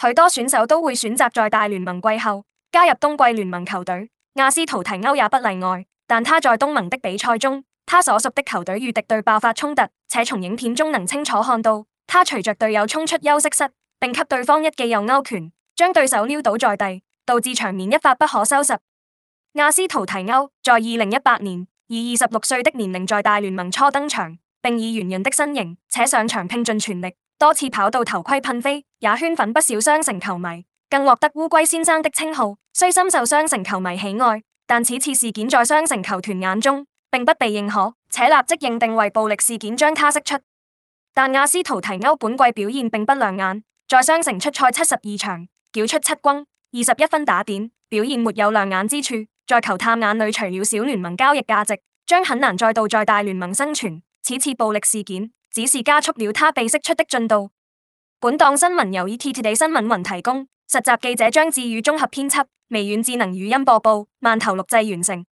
許多選手都會選擇在大聯盟季後加入冬季聯盟球隊，阿斯圖提歐也不例外。但他在冬盟的比賽中，他所屬的球隊與敵隊爆發衝突，且從影片中能清楚看到，他隨着隊友衝出休息室，並給對方一記右勾拳，將對手撂倒在地，導致場面一發不可收拾。阿斯圖提歐在二零一八年以二十六歲的年齡在大聯盟初登場，並以圓潤的身形且上場拼盡全力。多次跑到頭盔噴飛，也圈粉不少雙城球迷，更獲得烏龜先生的稱號。雖深受雙城球迷喜愛，但此次事件在雙城球團眼中並不被認可，且立即認定為暴力事件將他釋出。但阿斯圖提歐本季表現並不亮眼，在雙城出賽七十二場，繳出七轟二十一分打點，表現沒有亮眼之處。在球探眼裏，除了小聯盟交易價值，將很難再度在大聯盟生存。此次暴力事件，只是加速了他被釋出的進度。本檔新聞由以 t d 新聞雲提供，實習記者張志宇綜合編輯，微軟智能語音播報，饅頭錄製完成。